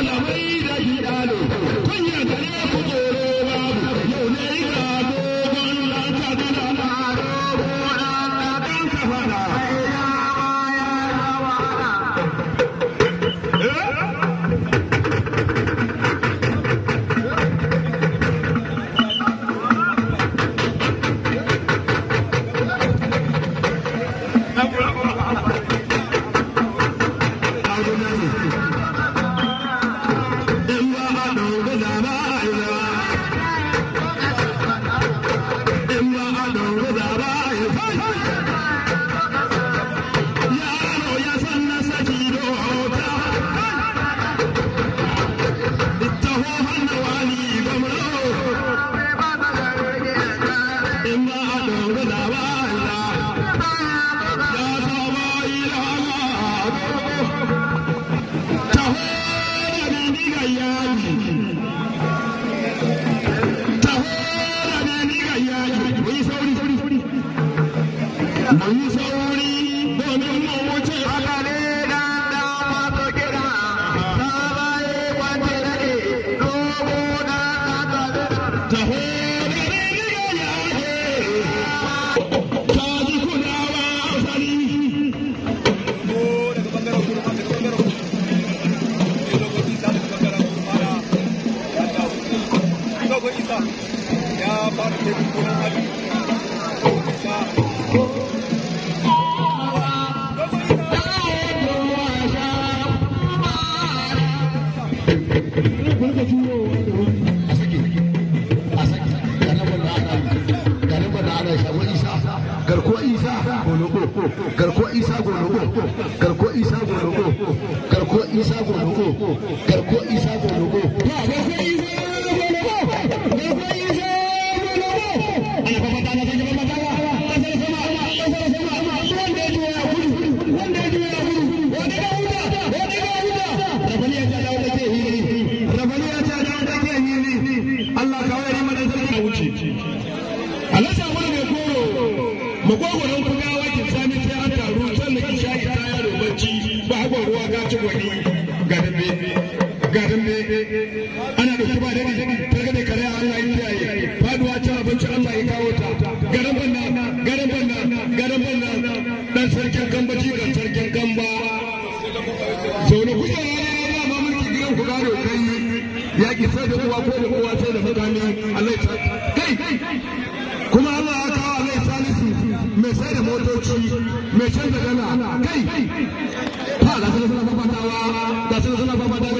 malamai da shi dalo kunya gare limba dongulawa Allah you. ba ya kawo ta garin banna garin banna garin banna dan sarkin kamba jikan sarkin kamba sau da kusa ya ya ba mulki gidan ku gado kai ya ki sai da uwa ko da sai da mutane Allah ya kai kuma Allah ya kawo Allah ya salisu mai sai da motoci mai canza gana kai da suna fafatawa da suna fafatawa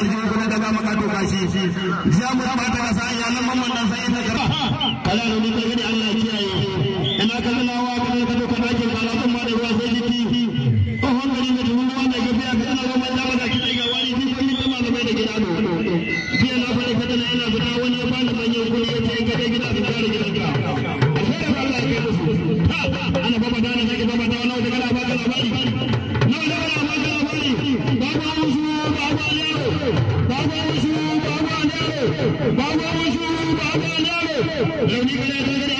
aljihu kuma da kama ka toka shi jiya mu ta bata kasa ya nan mamman dan sai da kara kala ne ko gani Allah ya kiyaye ina kallon lawa ka ne ka toka dakin kala kuma da ruwa sai jiki ko hankali ne dun ruwa ne gafi a kana ga mai da kitai ga wani din kun da malamai da gida do na fara fata na ina wani ya bani manyan kuɗi ya ce in ka gida ka gida Baba Baba Lavani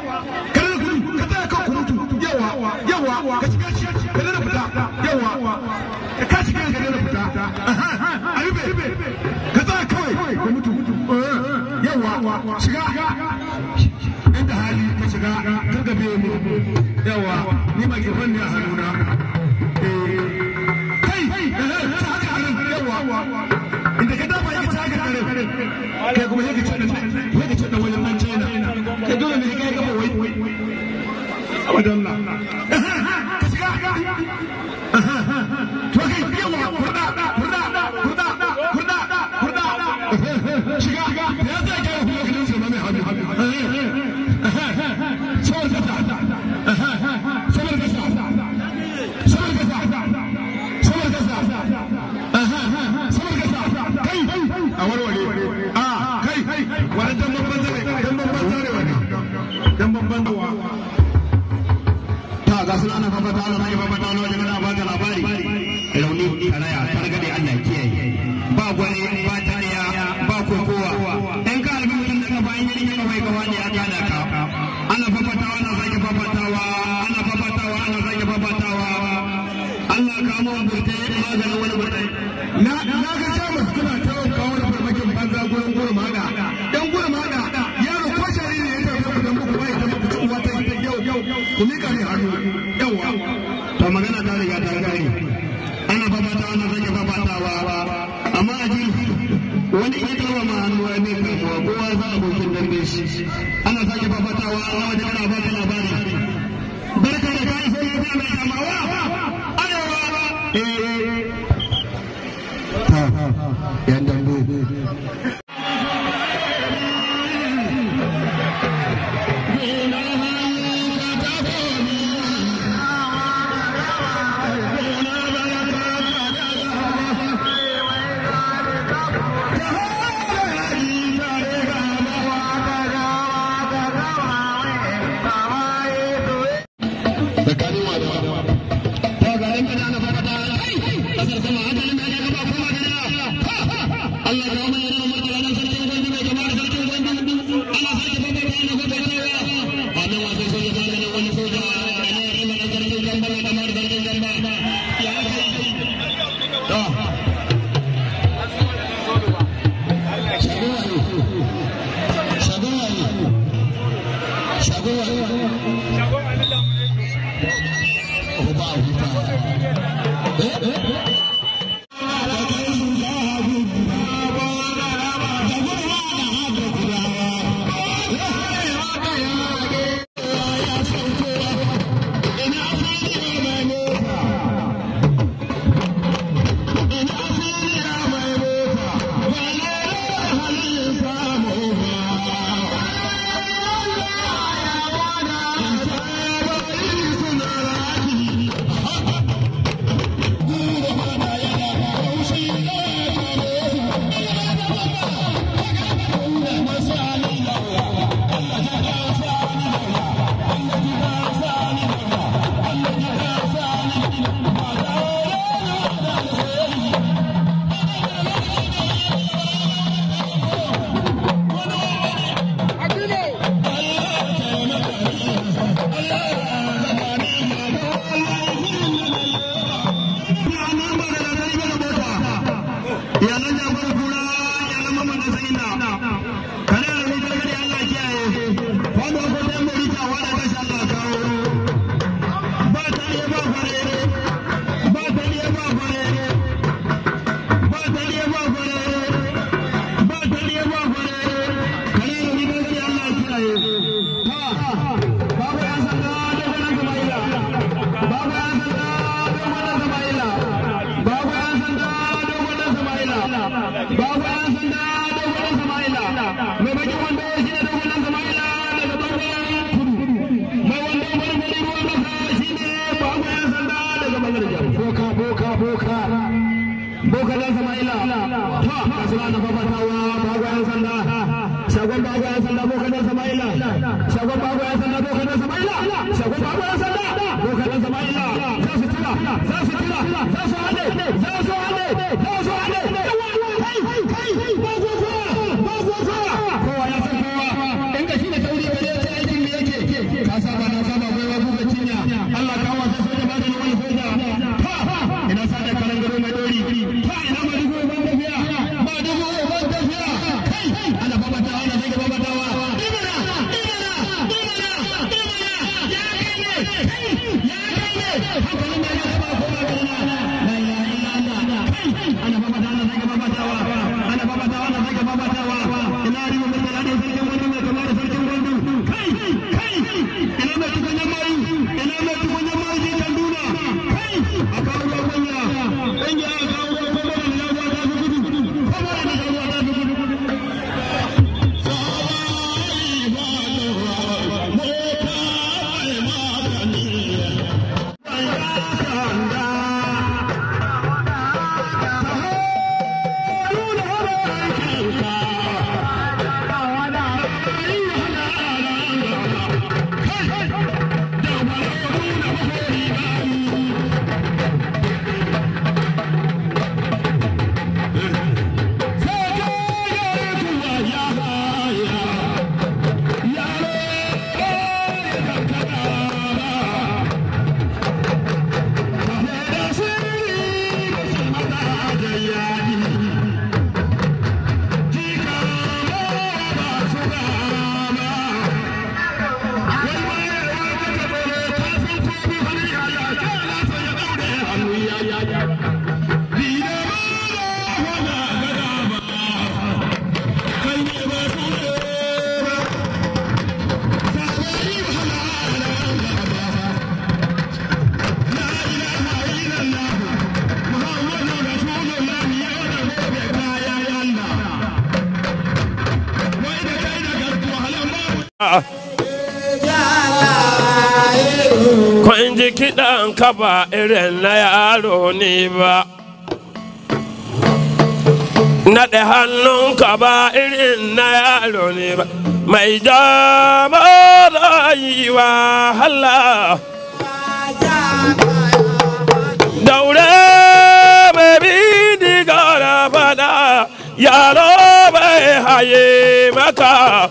kada kudu, ka tsaya kan kurutu yawa yawa ka shiga shi ka dana fita yawa ka shiga ka dana fita a rube ka tsaya kawai ka mutu yawa shiga inda hali ka shiga ka gabe mu yawa ni ma girman ne a hannuna sake ka ana fafatawa ana sake fafatawa ana fafatawa ana sake fafatawa Allah ka mu burte maganin wani burte na na ga jamus kuna ta kawo da farmakin banza gurin gurin hada dan gurin hada yaro ko jariri ne ya tafi da muku bai da muku uwa ta yau ku mika ne hannu yawa to magana ta riga ta kai. ana fafatawa ana sake fafatawa amma a wani iya tawa ma hannu kasuwa kowa za a abokin dambe shi ana sake fafatawa a wajen ana ba ka labari barka da kayan sai ya mai kamawa arewa eh, eh, eh. bokalan sama'ila to kasuwa da fafatawa bagwayen sanda shagon bagwayen sanda bokalan sama'ila shagon bagwayen sanda bokalan sama'ila shagon bagwayen sanda bokalan sama'ila za su tira za su tira za su hade za su Gracias. kaba irin na yaro ne ba naɗe hannun kaba irin na yaro ne ba mai yi wa hala daure mai bi diga fada yaro bai haye maka